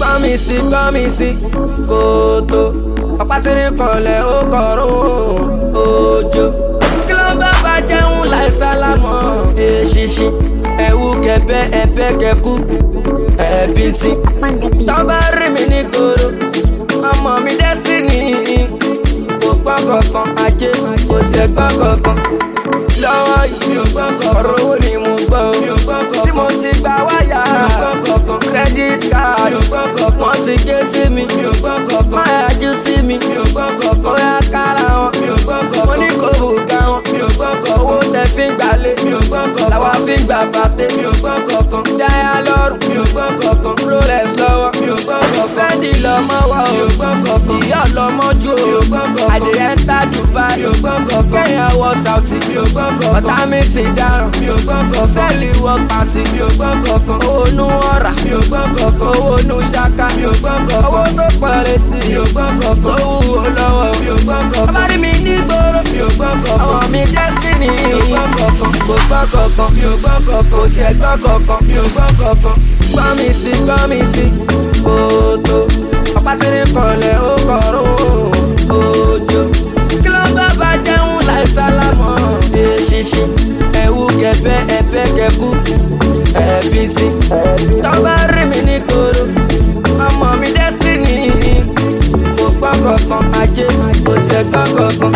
gbọ́mísì gbọ́mísì kòtò ọ̀pátìrí kọlẹ̀ ó kọrùn òjò. kí ló bá bá jẹun láì sálámọ̀ èṣìṣì ẹ̀wù kẹ̀bẹ́ ẹ̀bẹ́ kẹ̀kú ẹ̀bí tí. tó bá rí mi ní koro ọmọ mi destiny kò gbọ́ kankan ajé kò tiẹ̀ gbọ́ kankan lọ́wọ́ yìí mi ò gbọ́ kankan ọ̀rọ̀ owó ni mo gbọ́ tí mo ti gbà wáyà. gbọ́n kankan. làwa fi gbà bàtẹ mi ò gbọ́n kankan. jáyà lọ́rùn mi ò gbọ́n kankan. rolex lọ́wọ́ mi ò gbọ́n kankan. fendi lọ́mọ wa mi ò gbọ́n kankan. ìyá ọlọ́mọ jù mi ò gbọ́n kankan. àdìyẹ ń ta Dubai mi ò gbọ́n kankan. kẹ́yìn wọ Saudi mi ò gbọ́n kankan. ọ̀tá mi ti dáràn mi ò gbọ́n kankan. sẹ́ẹ̀lì wọ pàǹtí mi ò gbọ́n kankan. owó nu ọ̀rà mi ò gbọ́n kankan. owó nu ṣaka mi ò gbọ́n kankan. owó tó pọ̀ létí mo gbọ́ kankan mi ò gbọ́ kankan tí ẹ gbọ́ kankan mi ò gbọ́ kankan gbọ́ mi sí gbọ́ mi sí kòtò ọ̀pátìrí kọlẹ̀ ó kọ̀rún òjò kí ló bá bá jẹun láì sálámọ̀ èṣìṣì ẹ̀wù kẹfẹ́ ẹ̀fẹ́ kẹkú ẹ̀bí tí tọ́ba rí mi ní koro ọmọ mi dẹ́sí nìyí mo gbọ́ kankan ajé mo tẹ̀ gbọ́ kankan.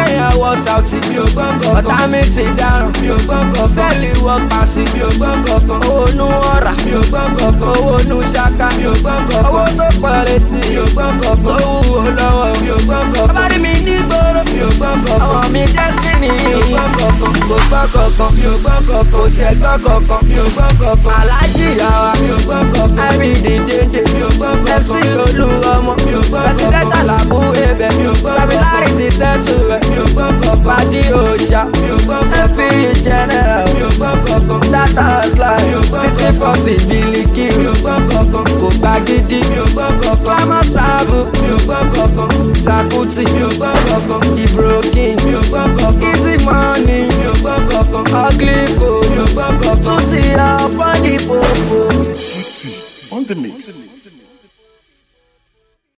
sàùtì mi ò gbọ́ngàn kan. ọ̀tá mi ti dáràn mi ò gbọ́ngàn kan. sẹ́ẹ̀lì wọ pàǹtí mi ò gbọ́ngàn kan. owó nu ọ̀rà mi ò gbọ́ngàn kan. owó nu ṣaka mi ò gbọ́ngàn kan. owó tó pọ̀ létí mi ò gbọ́ngàn kan. owó wo lọ́wọ́ mi ò gbọ́ngàn kan. abárí mi ní gbòòrò mi ò gbọ́ngàn kan. ọmọ mi destiny mi ò gbọ́ngàn kan. kò gbọ́ngàn kan mi ò gbọ́ngàn dance life sixty forty miliki kò gbà gidi àmọ́ travel sakuti ibrokin easy money ugly go tún ti ọ̀pọ̀ ní pòpò. on the mix. On the mix.